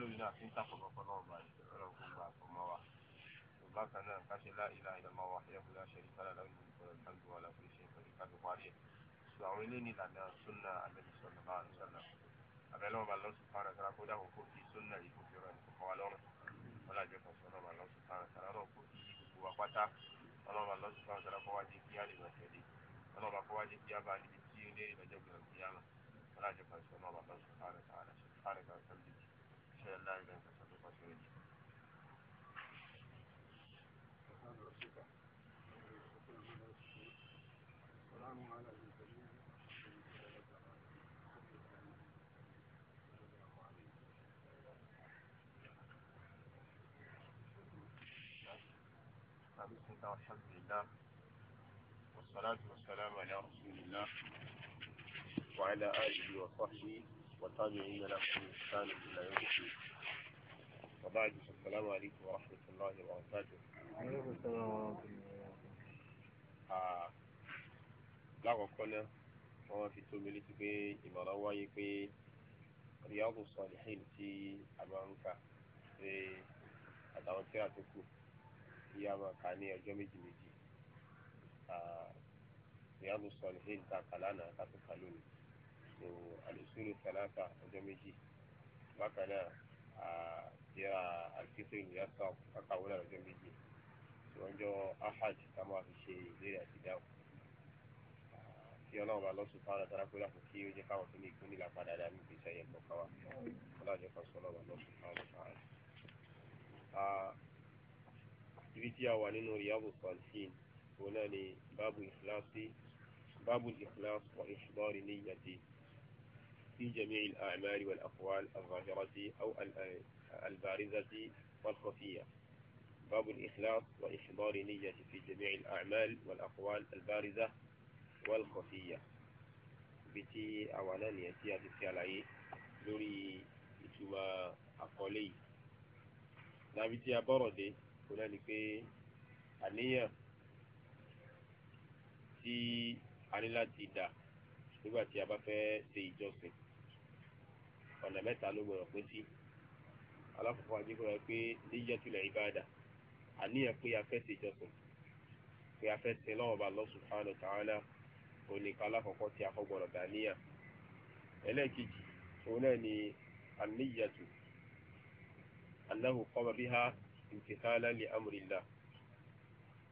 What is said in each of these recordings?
lórí náà fi ń sàkọ̀kọ̀ náà bá ọlọ́run kó gba àfọmọ́ wa bákan náà ká ṣe láì láì lọ́mọ wa ẹ̀kú láṣẹ ìtara láwọn ìlú ìfọ̀rọ̀ ìtàgbé wa láti ṣe ìfọ̀rọ̀ ìtàgbé parí ẹ̀ sọ àwọn ilé ní ìlànà súnà àbẹ̀lẹ̀ sọ̀nà máa ń sọ̀nà àbẹ̀lẹ̀ wọn bá lọ́sùn fara sára kó dáhùn kó fi súnà yìí kó fi rọ ẹ̀kọ́ kan wa lọ́rùn wọn làjẹ́ kan sọ̀nà bá lọ́sùn fara sára náà kó fi yí gbogbo wa بسم الله لله والصلاة والسلام على رسول الله وعلى آله وصحبه وتابعين لهم بإحسان إلى يوم الدين وبعد السلام عليكم ورحمة الله وبركاته وعليكم السلام ورحمة الله وبركاته lákọ̀ọ́kọ́ náà wọ́n fi tó mi létí pé ìmọ̀ràn wáyé pé Riyadu Salihin tí a máa ń kà pé àtàwọn tíra tó kù tí a máa kà ní ọjọ́ méjì méjì Riyadu Salihin tá a kà lánàá ká tó kà lónìí so àlùsùlù sàlàtà ọjọ́ méjì bákan náà àdéhà àkíkò ìlúyà sàn kàkàwé náà ọjọ́ méjì so ọjọ́ ahad ká máa fi ṣe ìlérí àti dáhùn tí ọlọ́run bá lọ́sùn fáwọn àtàrà pé láti kí ó jẹ́ káwọn tó ní ìpínlẹ̀ àpadà dá ní ìgbésí ayé kọ̀ọ̀kan wa ọlọ́run jẹ́ kan sọ ọlọ́run lọ́sùn fáwọn àtàrà. ibi tí a wà nínú riyabu sọ̀nsìn òun náà ni báàbù ìfìlásí báàbù ìfìlásí wà ìfìlọ́rì ní ìyàtì في جميع الأعمال والأقوال الظاهرة أو البارزة والخفية باب الإخلاص وإحضار نية في جميع الأعمال والأقوال البارزة والخفية بتي أولا نيتي هذه عليه لوري إتما أقولي نابتي أبردي هنا نكي النية تي a ní láti dà nígbà tí a bá fẹ́ ṣe ìjọsìn ọ̀nà mẹ́ta ló gbọ́dọ̀ pín sí alákọ̀ọ́kọ́ adékọ́ra pé níyàtúlẹ̀ ìbáàdà àníyàn pé a fẹ́ ṣe ìjọsìn pé a fẹ́ sin lọ́wọ́ bá Allah subhanahu wa ta'ala oníkan alákọ̀ọ́kọ́ tí a kọ́ gbọ́dọ̀ dàníyà ẹlẹ́ẹ̀kejì òun náà ni àníyàtú annahu qama biha imtithala li amrillah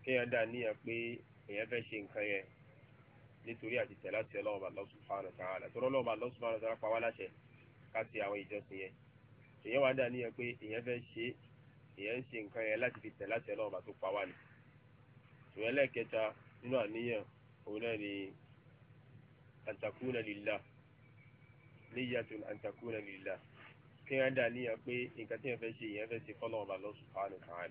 kéèyàn dàníyà pé èèyàn fẹ́ ṣe nǹkan yẹn nítorí àti tẹ̀lá ti ọlọ́wọ́ bá Allah subhanahu wa ta'ala tọ́lọ́wọ́ bá Allah subhanahu wa ta'ala pa wá ká ṣe àwọn ìjọsìn yẹn èèyàn wá dà níyẹn pé èèyàn fẹ́ ṣe èèyàn ń ṣe nǹkan yẹn láti fi tẹ̀ láti ọlọ́run bá tó pa wá ni ìwé lẹ́ẹ̀kẹta nínú àníyàn òun náà ni antakuna lillah niyyatun antakuna lillah kí wọ́n dà níyàn pé nǹkan tí èèyàn fẹ́ ṣe èèyàn fẹ́ ṣe fọ́lọ́run bá lọ subhanahu wa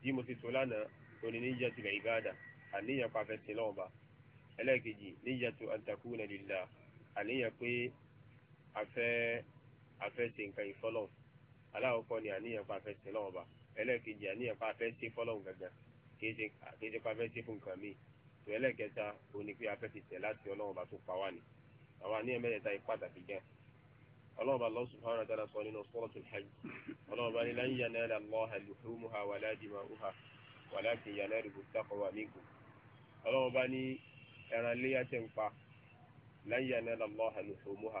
bí mo ti tó lánàá òní niyyatul ibada àníyàn pàfẹ́ sí lọ́wọ́ bá ẹlẹ́ẹ̀kejì niyyatu antakuna àníyàn pé afẹ́ afẹ́sẹ̀ nǹkan ìfọ́lọ́n aláwọ̀kọ́ ni àníyàn pa afẹ́sẹ̀ lọ́wọ́ bá ẹlẹ́ẹ̀kejì àníyàn pa afẹ́sẹ̀ fọ́lọ́n gangan kìí ṣe pa afẹ́sẹ̀ fún nǹkan míì tó ẹlẹ́ẹ̀kẹta òní pé afẹ́sẹ̀ tẹ̀ láti ọlọ́wọ́ bá tó pa wá ni àwọn àníyàn mẹ́tẹ̀ẹ̀ta yìí pàtàkì gan ọlọ́wọ́ bá Allah subhanahu wa ta'ala sọ nínú suratul hajj ọlọ́wọ́ bá ní lan yanala Allaha luhumuha wala dima'uha walakin yanaluhu taqwa minkum ọlọ́wọ́ bá ní ẹran léyà tẹ̀ ń pa lan yanala Allaha luhumuha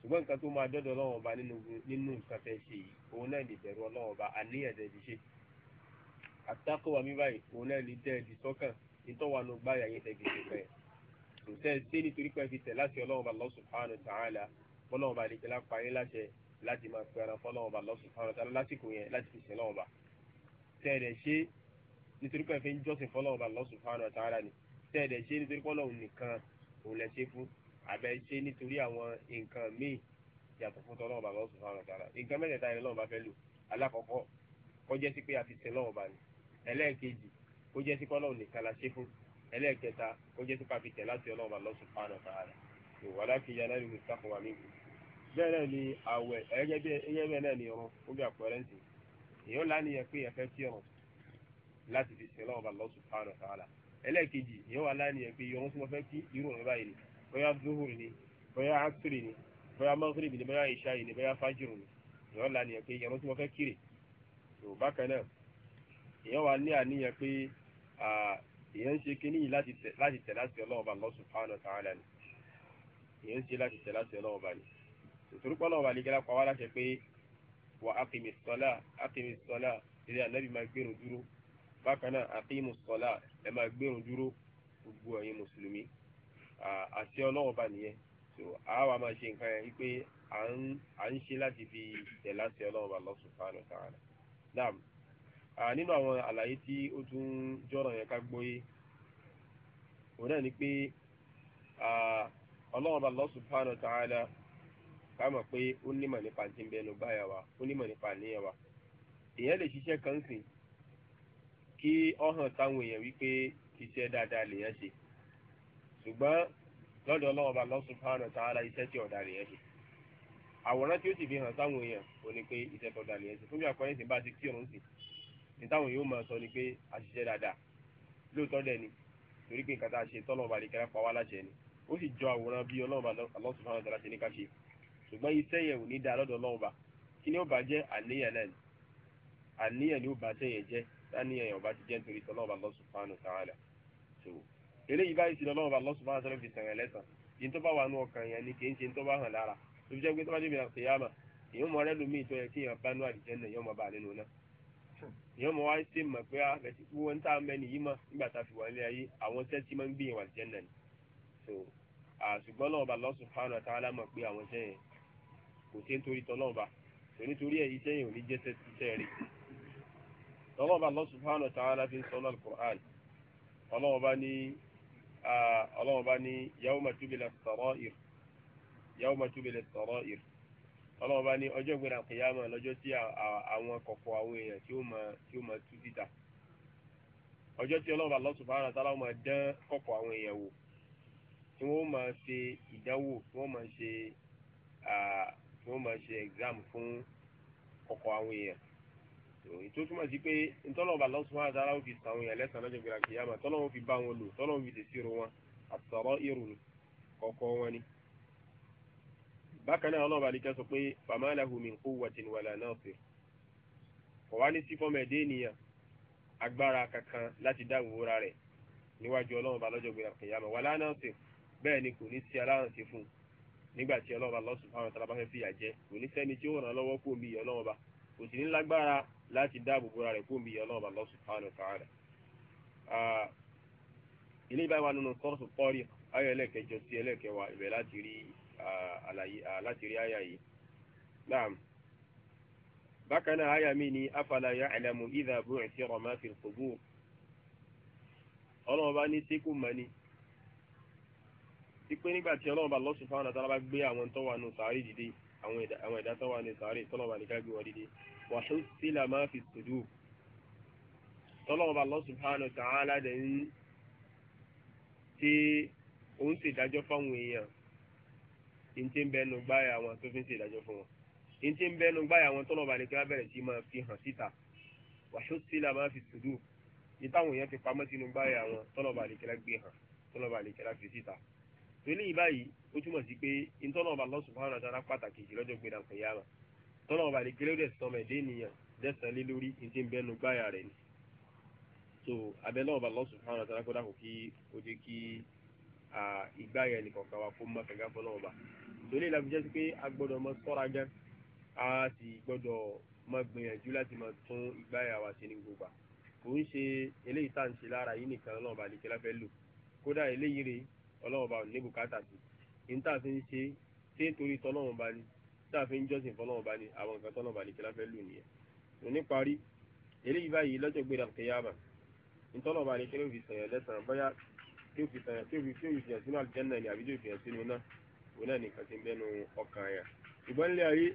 ṣùgbọ́n nǹkan tó máa dọ́dọ̀ Ọlọ́run ọba nínú nǹkan tẹ́ ṣe yìí òun náà lè bẹ̀rù Ọlọ́run ọba àníyàn tẹ́ ti ṣe àtàkùwà mi báyìí òun náà lè dẹ́ ẹ̀dì sọ́kàn nítọ́wà ló gbáyà yẹn tẹ́ fi ṣe pẹ́ kò tẹ́ ẹ ṣe nítorí pé fi tẹ̀ láti Ọlọ́run ọba Allah subhanahu wa ta'ala bọ́lọ́run ọba àlejò lápá yín láṣẹ láti máa pe ara fọ́lọ́run ọba Allah subhanahu wa lásìkò yẹn láti fi sẹ́lọ́run ọba tẹ́ ẹ̀ ṣe nítorí pé fi ń jọ́sìn fọ́lọ́run ọba Allah subhanahu wa ni tẹ́ ẹ̀ ṣe nítorí pé Ọlọ́run nìkan òun lẹ ṣe fún àbẹ̀ ṣe nítorí àwọn nǹkan míì yàtọ̀ fún tọ́lọ́wọ́ bàbá ọ̀sùn fún àwọn ọ̀tàrà nǹkan mẹ́tẹ̀ẹ̀ta yẹn lọ́wọ́ bá fẹ́ lò alákọ̀ọ́kọ́ kó jẹ́ sí pé a fi sin lọ́wọ́ bá ní ẹlẹ́ẹ̀kejì kó jẹ́ sí pé ọlọ́run nìkan la ṣe fún ẹlẹ́ẹ̀kẹta kó jẹ́ sí pé a fi tẹ̀ láti ọlọ́run bàbá ọ̀sùn fún àwọn ọ̀tàrà ìwàlá kejì aláìlú ìsàkùn wà níbi bẹ́ẹ̀ náà ni àwẹ̀ ẹ̀yẹ́ bẹ́ẹ̀ náà ni ọ̀run ó bí àpẹẹrẹ ǹsìn èèyàn lánìyàn pé ẹ̀fẹ́ tí ọ̀run láti fi sin lọ́wọ́ bàbá ọ̀sùn fún àwọn ọ̀tàrà ẹlẹ́ẹ̀kejì èèyàn wà bóyá zuhur ni bóyá asiri ni bóyá maghrib ni bóyá isha ni bóyá fajr ni ìyọ́n la nìyẹn pé ìyẹn tí wọ́n fẹ́ kiri tó bákan náà ìyẹn wà ní àníyàn pé ìyẹn ń ṣe kíní yìí láti tẹ̀ láti ọlọ́wọ́ bá Allah subhanahu wa ta'ala ni ìyẹn ń ṣe láti tẹ̀ láti ọlọ́wọ́ bá ni tòtòrò pọ́ lọ́wọ́ bá lè gẹ́lá pa wá pé wà ákìmì sọ́lá ákìmì sọ́lá ilé ànábì àṣẹ ọlọ́run bá nìyẹn so àwa máa ṣe nǹkan yẹn a à ń ṣe láti fi tẹ̀lé àṣẹ ọlọ́run bá lọ́sùn fáánù n'inu naam nínú àwọn àlàyé tí ó tún yẹn ká òun náà ni pé bá lọ́sùn fáánù ká mọ̀ pé ó nímọ̀ nípa ti ń bẹnu báyà wa ó nímọ̀ nípa àníyàn wa èèyàn lè ṣiṣẹ́ kan sìn kí ọ̀hàn táwọn èèyàn wípé iṣẹ́ dáadáa ṣùgbọ́n lọ́dọ̀ ọlọ́wọ́ bá Allah subhanahu wa ta'ala iṣẹ́ tí ọ̀dà rẹ̀ ṣe àwòrán tí ó sì fi hàn sáwọn èèyàn ò ní pé iṣẹ́ tọ̀dà rẹ̀ ṣe fún bí àkọ́yẹ́ sì bá ti ní táwọn yóò máa sọ ni pé àṣìṣe dáadáa lóòótọ́ dẹ̀ ni torí pé nǹkan tá a ṣe tọ́lọ́ọ̀bà lè kẹ́rẹ́ pa wá láṣẹ ni ó sì jọ àwòrán bí ta'ala ṣe ní ká ṣe ṣùgbọ́n eléyìí báyìí sí lọ́wọ́ bá lọ́sùn máa sọ́lọ́ fi sẹ̀rẹ̀ lẹ́sàn yìí tó bá wà nù ọkàn yẹn ni kì í ṣe tó bá hàn lára tó fi jẹ́ pé tó bá dé ìbìlà kìyàmà èèyàn mọ̀ rẹ́lu míì tó yẹ kí èèyàn bá nú àdìjẹ́ náà èèyàn mọ̀ bá nínú náà èèyàn mọ̀ wá sí mọ̀ pé àfẹ́sí wọ́n ń tà mẹ́ni yìí mọ̀ nígbà tá a fi wà nílé ayé àwọn iṣẹ́ tí máa ń gbìyànjú àdìjẹ́ náà ni so àṣùgbọ́n lọ́wọ́ bá lọ́sùn fáwọn àtàwọn mọ̀ pé àwọn iṣẹ́ yẹn kò sí nítorí tọ́lọ́wọ́ bá so nítorí ẹ̀ iṣẹ́ yẹn ò ní jẹ́ iṣẹ́ rẹ̀ lọ́wọ́ bá lọ́sùn fáwọn àtàwọn fi ń sọ lọ́lùkùrán ọlọ́run bá ní yawma tubila sarair yawma tubila sarair ọlọ́run bá ní ọjọ́ ìgbéra kìyàmà lọ́jọ́ tí àwọn kọ̀kọ̀ àwọn èèyàn tí ó máa tí ó máa tú títà ọjọ́ tí ọlọ́run bá Allah subhanahu wa ta'ala dán kọ̀kọ̀ àwọn èèyàn wò tí wọ́n máa ṣe ìdánwò tí wọ́n máa ṣe tí wọ́n máa ṣe exam fún kọ̀kọ̀ àwọn èèyàn ètò túmọ̀ sí pé ntọ́lọ́wọ́ Allah subhanahu wa ta'ala fi sàwọn yẹn lẹ́sàn-án lọ́jọ́ gbéra kìyàmà tọ́lọ́wọ́ fi bá wọn lò tọ́lọ́wọ́ fi tẹ̀sí ro wọn àtọ̀rọ̀ irun kọ̀ọ̀kọ̀ wọn ni. bákan náà ọlọ́wọ́ àlíkẹ́ sọ pé fama lahu min quwwatin wala nasir kò wá ní sífọ́mọ̀ ẹ̀dẹ́ ènìyàn agbára kankan láti dá ìwúra rẹ̀ níwájú ọlọ́wọ́ lọ́jọ́ gbéra kìyàmà wala nasir bẹ́ẹ̀ ni kò ní sí bá fẹ́ kò sì ní lágbára láti dáàbò bóra rẹ̀ fún ìyá ọlọ́ọ̀bà Allah subhanahu wa ta'ala. Ah, ilé ìbáyìí wà nínú sọ́ọ̀sì pọ́ọ̀rì ayọ̀ ẹlẹ́kẹjọ sí ẹlẹ́kẹwà ibẹ̀ láti rí ah, ah, láti rí àyà yìí. naam bákan náà àyà mi ni afala ya'lamu idha bu'thira ma fil qubur ọlọ́ọ̀bá ní sẹ́kù mọ́ni ipe nígbà tí ọlọ́run bá lọ́sùn fáwọn àtàlà bá gbé àwọn tó wà nù sàárì dìde àwọn ẹ̀dá tó wà nù sàárì tọ́lọ̀ wà ní ká gbé wọn dìde wà tó sílà máa fi sòdù tọ́lọ́run bá lọ́sùn fáwọn àtàlà dẹ̀ ń ṣe òun ṣe ìdájọ́ fáwọn èèyàn ntí ń bẹnu gbáyà wọn tó fi ń ṣe ìdájọ́ fún wọn ntí ń bẹnu gbáyà wọn tọ́lọ̀ bá ní bẹ̀rẹ̀ sí máa fi hàn síta wà tó sílà máa fi sòdù ìtàwọn èèyàn ti pamọ́ sínú gbáyà wọn tọ́lọ̀ bá ní gbé hàn tọ́lọ̀ bá ní fi síta tòlí yìí báyìí ó túmọ̀ sí pé ntọ́nà Allah subhanahu wa ta'ala pàtàkì jù lọ́jọ́ gbéra nǹkan yára tọ́nà ọba lè kéré dẹ̀sán ọmọ ẹ̀dẹ́ ènìyàn dẹ́sán lé lórí ntí ń bẹ́nu gbáyà rẹ̀ ni so abẹ́ náà ọba Allah subhanahu wa ta'ala kó dàkú kí ó jẹ́ kí ìgbáyà ẹnìkọ̀ọ̀kan wa kó má fẹ́ gáfọ́ náà ọba tòlí ìlànà jẹ́ sí pé a gbọ́dọ̀ mọ sọ́ra gan a sì gbọ́dọ̀ mọ gbìyànjú láti mọ tún ìgbáyà wa ṣe ní gbogbo kò ń ṣe eléyìí tá à ń ṣe lára yìí nìkan náà ọba lè kí lò kódà eléyìí rèé ọlọ́run bá ní bùkátà sí ní tá a fi ń ṣe ṣé torí tọ́lọ́run bá ní tá a fi ń jọ́sìn fọlọ́run bá ní àwọn nǹkan tọ́lọ́run bá ní kí láfẹ́ lù nìyẹn tó níparí eléyìí báyìí lọ́jọ́ gbéra kẹyàmà ntọ́lọ́run bá ní kí ló fi sọ̀yàn lẹ́sàn-án bóyá kí ó fi sọ̀yàn kí ó fi fi hàn sínú àlùjánnà ni àbí tó fi hàn sínú náà òun náà nìkan ti ń bẹ́nu ọkàn yẹn ṣùgbọ́n nílé ayé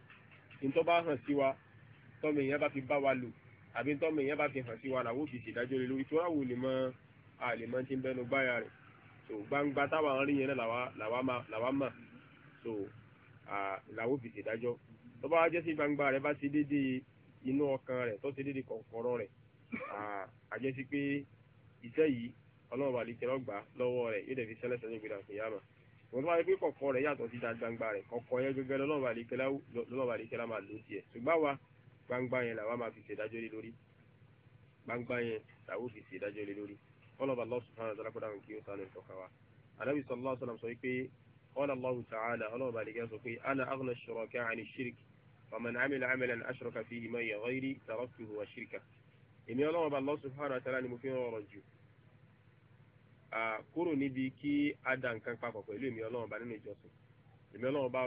ntọ́ bá hàn sí wa tọ́mọ èèyàn bá fi bá wa lò so gbangba táwọn rí yẹn náà làwa mà so làwọn fi ṣèdájọ́ tó bá jẹ́ sí gbangba rẹ̀ bá ṣe déédéé inú ọkàn rẹ̀ tó ṣe déédéé kọ̀ọ̀kọ̀rọ̀ rẹ̀ àjẹsí pé iṣẹ́ yìí ọlọ́run àlejò ọgbà lọ́wọ́ rẹ̀ yóò dẹ̀ fi sẹ́lẹ̀ sẹ́lẹ̀ gbéra fún yàrá wọ́n bá yẹ pé kọ̀kọ́ rẹ̀ yàtọ̀ sí gbangba rẹ̀ kọ̀kọ́ yẹn gẹ́gẹ́ lọ́lọ́run àlejò máa lò tiẹ̀ ṣùgbọ́n wa gbangba yẹn làwa máa fi ṣèdájọ́ lé lórí gbangba yẹn làwọn fi ṣèdájọ́ lé lórí ọlọ́ba Allah subhanahu wa ta'ala kódà kí ó sànù ìtọ́ka wa anabi sallallahu alaihi wasallam sọ pé qala Allahu ta'ala ọlọ́ba àdìgẹ́ sọ pé ana aghna ash-shuraka 'an ash-shirk faman 'amila 'amalan ashraka fihi ma'iya ghayri taraktuhu wa shirkahu èmi ọlọ́ba Allah subhanahu wa ta'ala ni mo fi rọrọ jù kúrò níbi kí a dà nǹkan papọ̀ pẹ̀lú èmi ọlọ́run bá nínú ìjọsìn èmi ọlọ́run bá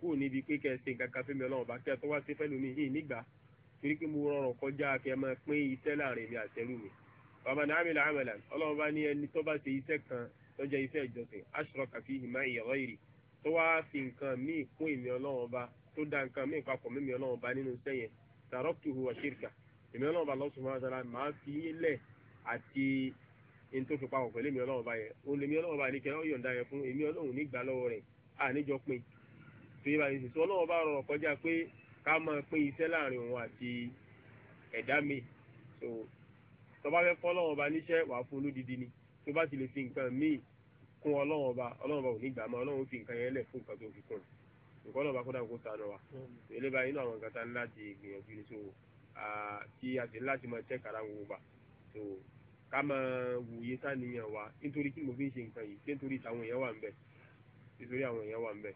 kúrò níbi pé kẹ́ ẹ ṣe nǹkan kan fún mi ọlọ́run kẹ́ ẹ tó wá sí fẹ́lú mi yìí nígbà torí pé mo rọrọ̀ kọjá kẹ́ ẹ máa pín iṣẹ́ láàrin mi àtẹ́rù mi faman amila amalan ọlọ́run bá ní ẹni tó bá ṣe iṣẹ́ kan tó jẹ́ iṣẹ́ ìjọsìn ashraka fihi ma'i ghairi tó wá fi nǹkan míì kún èmi ọlọ́run ọba tó da nǹkan míì papọ̀ mímí ọlọ́run ọba nínú iṣẹ́ yẹn taraktuhu wa shirka èmi ọlọ́run ọba Allah subhanahu wa ta'ala máa fi lẹ̀ àti ẹni tó fi papọ̀ pẹ̀lú èmi ọlọ́run ọba yẹn òun lèmi tó bá fẹ́ fọ́ ọlọ́run ọba níṣẹ́ wàá fún olódìdí ni tó bá ti lè fi nǹkan míì kún ọlọ́run ọba ọlọ́run ọba ò ní gbà mọ́ ọlọ́run fi nǹkan yẹn lẹ̀ fún nǹkan tó fi kún nǹkan ọlọ́run ọba kó dàgbò sànù wa èlé inú àwọn nǹkan tá ńlá ti gbìyànjú ni so tí a sì ńlá ti máa tẹ́ kára wo bá so ká máa wòye sáníyàn wa nítorí tí mo fi ń ṣe nǹkan yìí nítorí táwọn èèyàn wà ń bẹ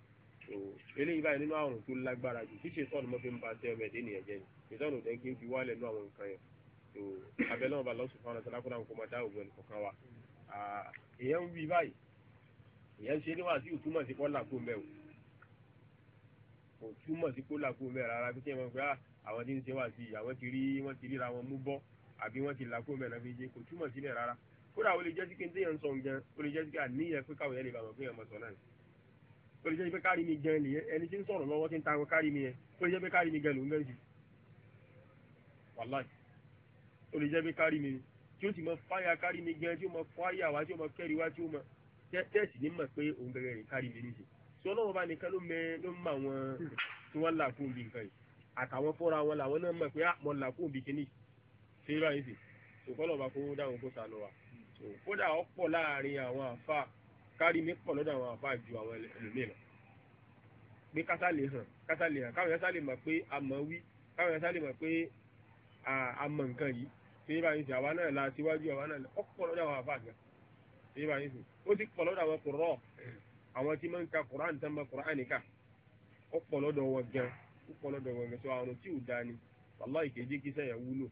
so eléyìí báyìí nínú àrùn tó lágbára jù ṣíṣe sọ́ọ̀nù mọ́ fi ń ba tẹ́ ọmọ ẹ̀dẹ́ nìyẹn jẹ́ ni ìtọ́nù tẹ́ kí n fi wálẹ̀ nú àwọn nǹkan yẹn so abẹ́lẹ́ wọn bá lọ́sùn fún ọ̀nà sọ́nà kó máa dá ògùn ẹnì kọ̀ọ̀kan wa èèyàn ń wí báyìí èèyàn ń ṣe níwájú tí òtúmọ̀ sí kọ́là kó mẹ́ o kò túmọ̀ sí kọ́là kó mẹ́ rárá bí kí ẹ máa gbé ah, àwọn tí ń ṣe wá sí i àwọn ti rí wọ́n ti ríra wọn mú bọ́ àbí wọ́n ti là kó mẹ́ náà fi jẹ́ kò túmọ̀ sílẹ̀ rárá kódà ó lè jẹ́ sí pé téèyàn ń sọ nǹkan ó lè jẹ́ sí pé àníyàn pé káwọn yẹn lè bàmọ̀ pé èèyàn mọ̀ sọ náà ó lè jẹ́ pé kárí mi gan nìyẹn ẹni tí ń sọ̀rọ̀ lọ́wọ́ tí ń ta wọn kárí ó lè jẹ́ pé kárí mi ni tí ó sì mọ fáyà kárí mi gan tí ó mọ fáyà wá tí ó mọ kẹ́rì wá tí ó mọ tẹ́ẹ̀sì ní mọ̀ pé òun gẹ́gẹ́ rè kárí mi níṣẹ́ tí ọlọ́run bá nìkan ló mẹ ló mọ àwọn tí wọ́n là fún òbí nǹkan yìí àtàwọn fúnra wọn làwọn náà mọ̀ pé ah, mo là fún òbí kìíní ṣé báyìí sì ṣòkòlò bá kó dáhùn kó sànù wa kódà ọ̀pọ̀ láàrin àwọn àfa kárí mi pọ̀ lọ́dọ̀ àwọn àfa ju àwọn ẹlòmíì lọ pé kátà lè hàn kátà lè hàn káwọn yẹn sá lè mọ̀ pé a wí káwọn yẹn sá lè mọ̀ pé a mọ̀ nǹkan yìí ṣèyí báyìí sì àwa náà la síwájú àwa náà ọ̀pọ̀ lọ́dọ̀ àwọn àfa àgbà ṣèyí báyìí sì ó sì pọ̀ lọ́dọ̀ àwọn kùrọ̀ àwọn tí máa ń ka kùrán tán bá kùrán nìka ọ̀pọ̀ lọ́dọ̀ wọn gan ọ̀pọ̀ lọ́dọ̀ wọn gan sọ àwọn tí ò dání wàláhì ìkéjì kí sẹ́yà wúlò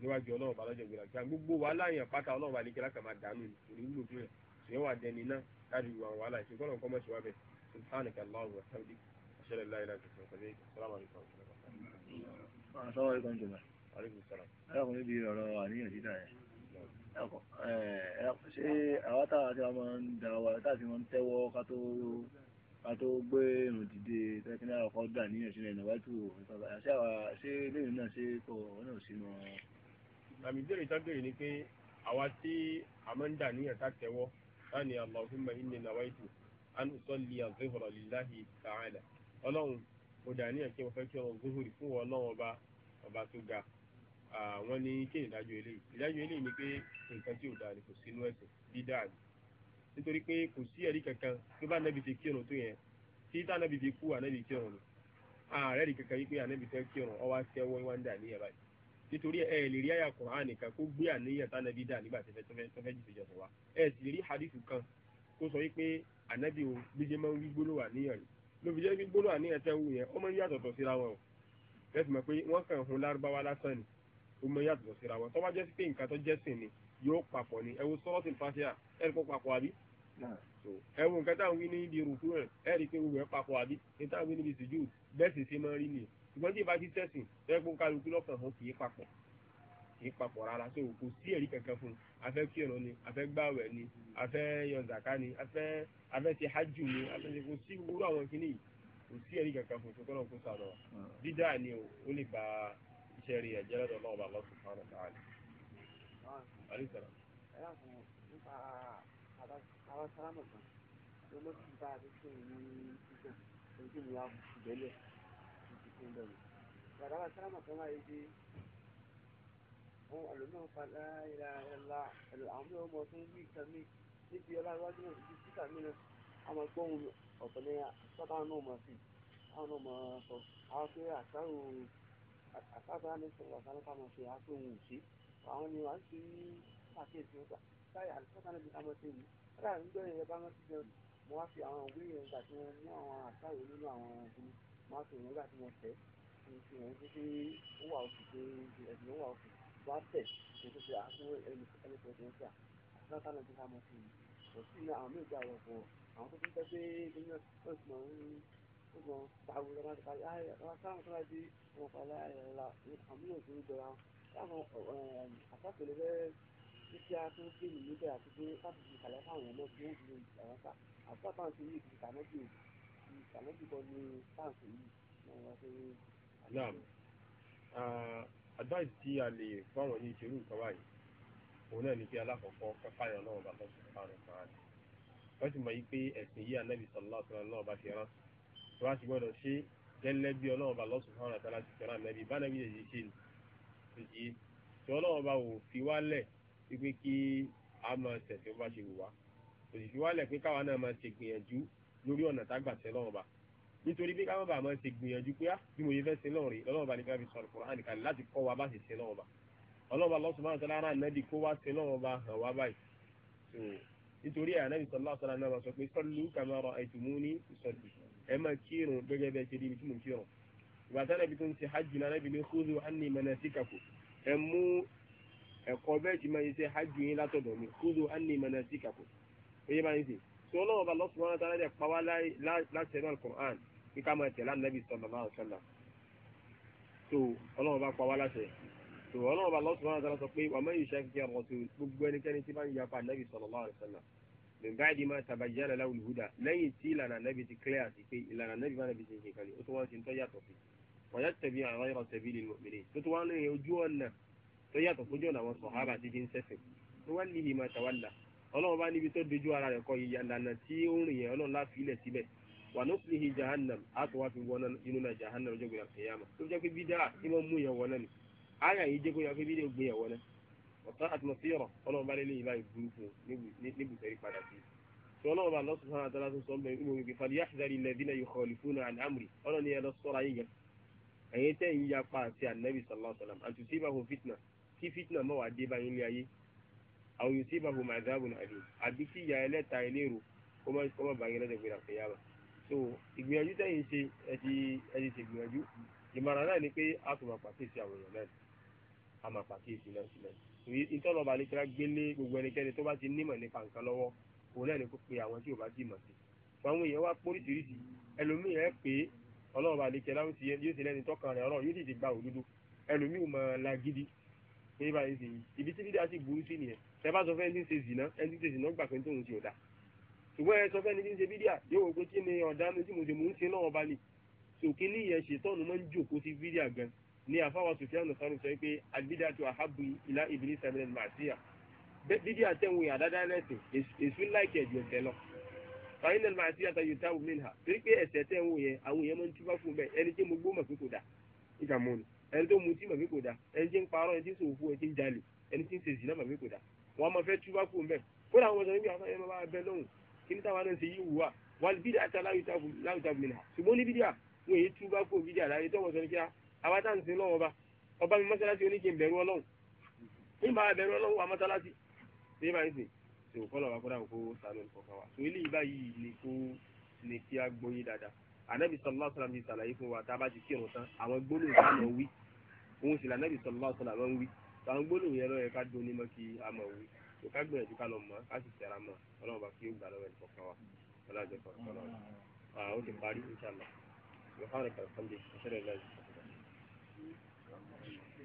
níwájú ọlọ́run bá lọ́jọ́ gbèrà kí a gbogbo wàhálà yẹn pátá ọlọ́run bá ní kíláka máa dànù òní wúlò fún yẹn ṣèyí wà dẹni náà láti wà wàhálà ìṣèkọ́ náà kọ́ mọ́ ṣèwà bẹ́ẹ̀ سبحانك اللهم وبحمدك اشهد ان لا اله الا انت استغفرك السلام عليكم ورحمه الله وبركاته ẹlẹ́kùn níbi ọ̀rọ̀ àníyàn dídà yẹn ṣé àwa táwa tí a máa ń da wa táà tí wọ́n ń tẹ́wọ́ ká tó ká tó gbé irun dìde tẹ́kínlá ọkọ̀ dà níyàn sílẹ̀ níwájú ṣé àwa ṣé lẹ́yìn náà ṣe kọ̀ ọ́ náà sínú. àmì ìbéèrè tábìlì ni pé àwa tí a máa ń dà níyàn tá tẹ́wọ́ táà ní Allahumma inni nawaitu an usalli az-zuhra lillahi ta'ala ọlọ́run mo dà níyàn kí mo fẹ́ kí ọ̀rọ̀ wọ́n ní kí ni ìdájọ́ eléyìí ìdájọ́ eléyìí ni pé nǹkan tí ò dáa ni kò sínú ẹ̀sìn dídá ni nítorí pé kò sí ẹ̀rí kankan tó bá nẹ́bi ti kírun tó yẹn tí tá nẹ́bi ti kú ànẹ́bi kírun ni ààrẹ rí kankan wípé ànẹ́bi fẹ́ kírun ọwọ́ àtẹwọ́ wá ń dà níyà báyìí nítorí ẹ lè rí àyà Kùránì nìkan kó gbé àníyàn tá nẹ́bi dà nígbà tẹ́fẹ́ tẹ́fẹ́ jù sí ìjọsìn wa ẹ sì rí hadith kan kó sọ wípé ànẹ́bi ò gbéjẹ́ máa ń wí gbólóhùn àníyàn rẹ̀ lóbi jẹ́ gbólóhùn àníyàn tẹ́ wù yẹn ọmọ yíyàtọ̀tọ̀ síra wọn o lẹ́sìn mọ̀ pé wọ́n kàn hun lárúbáwá lásán ni ó mọ yàtọ̀ síra wọn tó bá jẹ́ pé nǹkan tó jẹ́ sìn ni yóò papọ̀ ni ẹ wo sọ́rọ́ sí fàṣíà ẹ rí kó papọ̀ àbí. ẹ wo nǹkan táwọn wí ní ibi rúkú rẹ ẹ rí pé gbogbo ẹ papọ̀ àbí ní táwọn wí níbi sùjú bẹ́ẹ̀ sì ṣe máa rí nìyẹn ṣùgbọ́n tí ìbá ti tẹ̀sìn ẹ kó kálukú lọ́kàn hàn kì í papọ̀ kì í papọ̀ rárá so kò sí ẹ̀rí kankan fún un afẹ́ kírun ni afẹ́ gbàwẹ̀ ni afẹ́ yọ̀ǹdàká ni afẹ́ ti hajj ni afẹ́ ti kò sí gbogbo àwọn kìnnìyàn kò sí ẹ̀rí kankan fún tó kọ́ iṣẹ́ rí ẹ̀jẹ̀ lọ́dọ̀ náà bá lọ́sùn fún ọ̀nà tààlà. alísàlá. ẹ yà fún un nípa àwọn sálámù kan tó ló fi bá a ti ṣe ìlú ìjọ ojú mi wá ìbẹ́lẹ̀ ìdí tó ń bẹ̀rù. bàbá àwọn sálámù kan wáyé dé àwọn àlùmọ́ padà ìlà ẹ̀la ẹ̀lò àwọn ọmọ ọmọ fún bí ìka mi níbi ọlọ́wájú náà ti síkà mí náà àwọn gbọ́hùn ọ̀pẹ̀lẹ̀ sọ́tà náà mọ̀ sí àwọn ọmọ sọ àwọn pé àṣàrò àtàbà ní sọ̀rọ̀ àtàlùkà máa ṣe àápè òun ṣe àwọn ni wà ń ṣe ní pàkíyèsí ọgbà táyà àlùfáà níbi ká mọ́ sí mi rárá ń gbẹ́rẹ̀ yẹn bá mọ́ sí jẹun mo wá fi àwọn òwe yẹn gbà tí wọ́n ní àwọn àtàwé nínú àwọn ọ̀gbìn mo wá fi ìwọ̀n gbà tí wọ́n tẹ̀ fi fi hàn pé pé ó wà òkè pé ẹ̀sìn ó wà òkè bá tẹ̀ kí tó ṣe àápè ẹni pẹ̀lú ọ̀sà àtàlùkà níbi ká mọ́ sí mi kò sí àwọn mí wọn pariwo lọ́wọ́ ti parí ayé wọn sáwọn sáwọn bí wọn parí ayé la ní àmúlò tó ń jọra láwọn àtàkùnrin bẹ́ẹ̀ títí a tún gbé nìyí bẹ́ẹ̀ àti pé láti fi kàlẹ́ fáwọn ọmọ tó ń lu àwọn sá àbúrò táwọn ti ní ìdí kàmọ́bì ìdí kàmọ́bì kan ní táǹkì yìí náà wọ́n ti rí. naam ah, advice tí a lè fáwọn ní ìṣerú nǹkan báyìí òun náà ni pé alákọ̀ọ́kọ́ káfáyọ̀ náà bá lọ́sùn fáwọn ọ̀sán rẹ̀ wọ́n sì mọ̀ yí pé ẹ̀sìn yìí anábì sọ̀rọ̀ náà bá ti rán so a sì gbọ́dọ̀ ṣe gẹ́lẹ́ bí ọlọ́run bá lọ́sùn fún àwọn àtàlà ti fẹ́ràn nẹ́bí bá nẹ́bí yẹn ṣe ni ṣèjì tí ọlọ́run bá wò fi wálẹ̀ wípé kí a máa tẹ̀sí bá ṣe wù wá kò sì fi wálẹ̀ pé káwa náà máa ṣe gbìyànjú lórí ọ̀nà tágbà tẹ́ lọ́run bá nítorí pé káwọn bá máa ṣe gbìyànjú pé á ah, bí mo yẹ fẹ́ ṣe lọ́run rí lọ́run bá ní nítorí ànábì sallallahu alaihi wasallam náà sọ pé sallu kama ra'aytumuni usalli ẹ máa kírun gẹ́gẹ́ bẹ́ẹ̀ ṣe níbi tí mò ń kírun ìgbà tí ànábì tó ń ṣe hajj náà ànábì ní khudhu anni manasikakum ẹ mú ẹ̀kọ́ bẹ́ẹ̀ ti máa ṣe hajj yín látọ̀dọ̀ mi khudhu anni manasikakum ó yẹ máa ń ṣe tí ọlọ́run bá lọ́sùn wọn tánà jẹ́ pàwá láti ẹ̀nà al-Qur'an máa tẹ̀lé ànábì sallallahu alaihi wasallam tó ọlọ́run bá pàwá láti ẹ̀ tó ọlọ́run bá lọ́sùn wọn àtàlà sọ pé wàá mẹ́yìn iṣẹ́ kíkẹ́ ọ̀rọ̀ tó gbogbo ẹnikẹ́ni tí bá ń yapa nẹ́bí sallallahu alaihi wasallam nígbà yìí máa tabayyana lahu al-huda lẹ́yìn tí ìlànà nẹ́bí ti clear sí pé ìlànà nẹ́bí bá nẹ́bí ti ṣe kalẹ̀ ó tó wọ́n ti ń tọ́ yàtọ̀ sí wọ́n yattabi ghayra sabilil mu'minin tó tó wọ́n lè ojú ọ̀nà tó yàtọ̀ fojú ọ̀nà àwọn sọ̀hábà ti fi ń sẹ́sìn nuwallihi ma tawalla ọlọ́run bá níbi tó dojú jahannam á tó inú náà jahannam ọjọ́ gbéra kiyama tó jẹ́ pé bídà ìmọ̀ mú yẹn wọ́n ni àyà yìí jẹ́ kó yàgò fídíò gbé yẹ̀wọ́ náà ọ̀tá àti mọ̀ sí ọ̀rọ̀ ọlọ́run bá lélẹ́yìn báyìí burúkú níbùsẹ̀rí padà sí i tí ọlọ́run bá lọ sọ fún àtàlà tó sọ bẹ́ẹ̀ ní òyìnbó fàlì yáṣẹ́dárì lẹ́dínà yìí kọ́ọ̀lì fún àná àmùrì ọlọ́run yẹn lọ sọ́ra yín yẹn ẹ̀yin tẹ́ ń yapa àti ànábì sallallahu alaihi wasallam àti tí ìbáhùn fitna tí fitna mọ́ wàá dé báyìí ilé ayé àwọn yìí tí ìbáhùn màdáàbùn àdé àbí tí ìgbìyànjú tẹ́yìn ṣe ẹ ti ṣègbìyànjú ìmọ̀ràn náà ni pé a tún máa pàṣẹ sí àwọn èèyàn náà a máa pàkíyèsí náà sílẹ̀ ìtọ́lọ́ba alekera gbélé gbogbo ẹnikẹ́ni tó bá ti nímọ̀ nípa nǹkan lọ́wọ́ òun náà ni kó pe àwọn tí ò bá ti mọ̀ sí àwọn èèyàn wá póríṣiríṣi ẹlòmíì ẹ pé ọlọ́ọ̀ba alekera yóò ti lẹ́ni tọ́kàn rẹ̀ ọlọ́ọ̀ yóò sì ti gba òdodo ẹlòmíì mọ̀ lagidi nígbà yìí sì ibi tí dídá sì burú sí nìyẹn tẹ bá sọ fẹ́ni tí ń ṣe zìnà ẹni tí ń ṣe zìnà gbà pé tóun ti ọ̀dà ni ọ̀dà mi tí mo ṣe mò ń ṣe náà ọba ni sòkè ní ní àfáwà sùfíànù sọ́run sọ pé àgbídàtò àhábù ilá ìbílí sẹ́mìnà màsíà dídí àtẹ̀wìn àdáda ẹlẹ́sìn èṣù láìkẹ̀ ẹ̀jù ẹ̀sẹ̀ lọ. fàyínà màsíà ta yóò táwọn mílíọ̀nù torí pé ẹ̀sẹ̀ tẹ̀wìn yẹn àwọn èèyàn máa ń túbọ̀ fún bẹ́ẹ̀ ẹni tí mo gbó mọ̀ pé kò dá ìgbà mọ́ ni ẹni tó mutí mọ̀ pé kò dá ẹni tí ń parọ́ ẹni tí ń sòwò fún ẹni tí ń jalè ẹni tí ń ṣèṣì náà mọ̀ pé kò dá wọn máa fẹ́ túbọ̀ fún bẹ́ẹ̀ kódà àwọn ọmọ ìgbà yẹn máa bẹ lóhùn kí ní táwọn náà ṣe yí wùwà wàlúbídà àti aláwùjábùnìyà ṣùgbọ́n ní bídà wọn èyí túbọ̀ fún bídà láyé tó wọ́n sọ ní kíá àwa tá à ń sin lọ́wọ́ ọba ọba mi mọ́sálásí oníkè ń bẹ̀rù ọlọ́run nígbà bẹ̀rù ọlọ́run wa mọ́sálásí ṣé bá ń sìn ṣe ò kọ́lọ̀ wa kó dáhùn kó sànù kọ̀ọ̀kan wa so eléyìí báyìí ni kó ni kí a gbọ́ yé dáadáa anabi sallallahu alaihi wasallam ṣàlàyé fún wa tá a bá ti kírun tán àwọn gbólóhùn tá a lọ wí òun sì lànàbì sallallahu alaihi wasallam wí àwọn gbólóhùn yẹn lọ́yẹ ká dún ní mọ́ kí a mọ̀ wí kò ká gbìyànjú ká lọ mọ́ ká sì tẹ̀ra mọ́ ọlọ́run bá